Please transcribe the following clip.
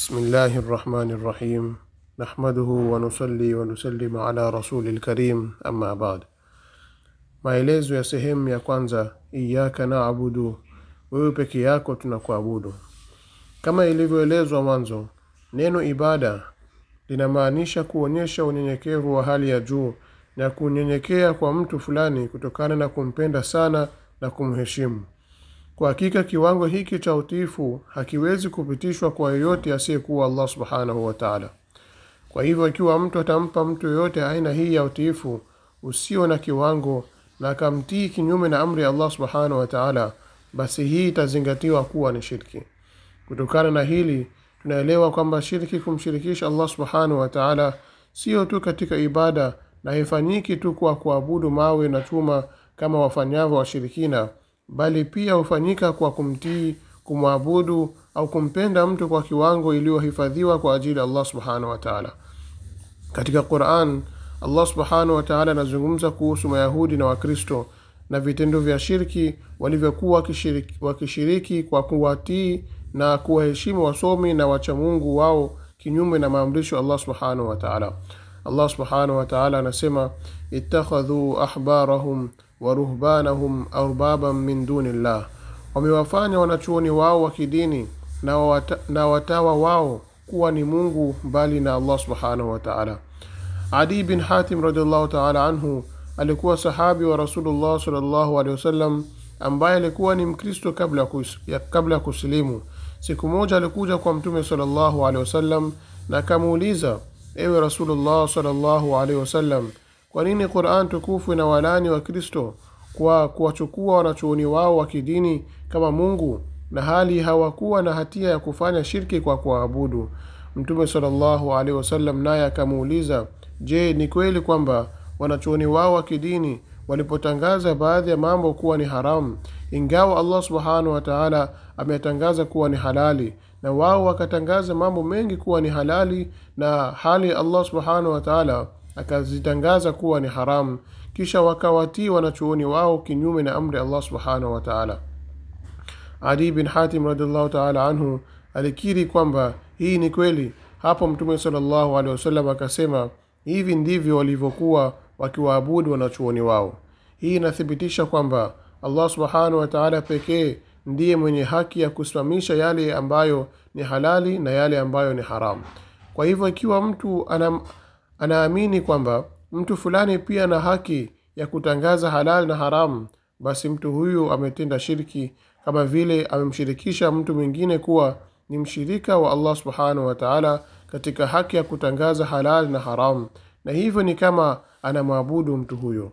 بسم الله الرحمن الرحيم نحمده ونصلي ala rasuli lkarim amma ba'd. Maelezo ya sehemu ya kwanza, iyaka nabudu wewe peke yako tunakuabudu. Kama ilivyoelezwa mwanzo, neno ibada linamaanisha kuonyesha unyenyekevu wa hali ya juu na kunyenyekea kwa mtu fulani kutokana na kumpenda sana na kumheshimu. Kwa hakika kiwango hiki cha utiifu hakiwezi kupitishwa kwa yeyote asiyekuwa Allah subhanahu wa taala. Kwa hivyo, ikiwa mtu atampa mtu yeyote aina hii ya utiifu usio na kiwango na akamtii kinyume na amri ya Allah subhanahu wa taala, basi hii itazingatiwa kuwa ni shirki. Kutokana na hili tunaelewa kwamba shirki, kumshirikisha Allah subhanahu wa taala, sio tu katika ibada na haifanyiki tu kwa kuabudu mawe na chuma kama wafanyavyo washirikina bali pia hufanyika kwa kumtii, kumwabudu au kumpenda mtu kwa kiwango iliyohifadhiwa kwa ajili ya Allah subhanahu wa taala. Katika Quran Allah subhanahu wa taala anazungumza kuhusu Mayahudi na Wakristo na vitendo vya shirki walivyokuwa wakishiriki kwa kuwatii na kuwaheshimu wasomi na wachamungu wao kinyume na maamrisho Allah subhanahu wa taala. Allah subhanahu wa taala anasema ittakhadhu ahbarahum wa ruhbanahum arbaban min duni llah, wamewafanya wanachuoni wao wa kidini na, wata, na watawa wao kuwa ni Mungu mbali na Allah subhanahu wa taala. Adi bin Hatim radiallahu taala anhu alikuwa sahabi wa Rasulullah sallallahu alaihi wasallam ambaye alikuwa ni Mkristo kabla ya kabla kusilimu. Siku moja alikuja kwa Mtume sallallahu alaihi wasallam na akamuuliza, ewe Rasulullah sallallahu alaihi wasallam kwa nini Qur'an tukufu ina walani wa Kristo kwa kuwachukua wanachuoni wao wa kidini kama Mungu na hali hawakuwa na hatia ya kufanya shirki kwa kuabudu? Mtume sallallahu alaihi wasallam naye akamuuliza, je, ni kweli kwamba wanachuoni wao wa kidini walipotangaza baadhi ya mambo kuwa ni haramu, ingawa Allah subhanahu wa taala ametangaza kuwa ni halali, na wao wakatangaza mambo mengi kuwa ni halali, na hali Allah subhanahu wa taala akazitangaza kuwa ni haramu kisha wakawatii wanachuoni wao kinyume na amri Allah subhanahu wa ta'ala Adi bin Hatim radhiallahu ta'ala anhu alikiri kwamba hii ni kweli hapo mtume sallallahu alaihi wasallam akasema hivi ndivyo walivyokuwa wakiwaabudu wanachuoni wao hii inathibitisha kwamba Allah subhanahu wa ta'ala pekee ndiye mwenye haki ya kusimamisha yale ambayo ni halali na yale ambayo ni haramu kwa hivyo ikiwa mtu anam, anaamini kwamba mtu fulani pia ana haki ya kutangaza halal na haramu basi mtu huyu ametenda shirki kama vile amemshirikisha mtu mwingine kuwa ni mshirika wa allah subhanahu wataala katika haki ya kutangaza halal na haramu na hivyo ni kama anamwabudu mtu huyo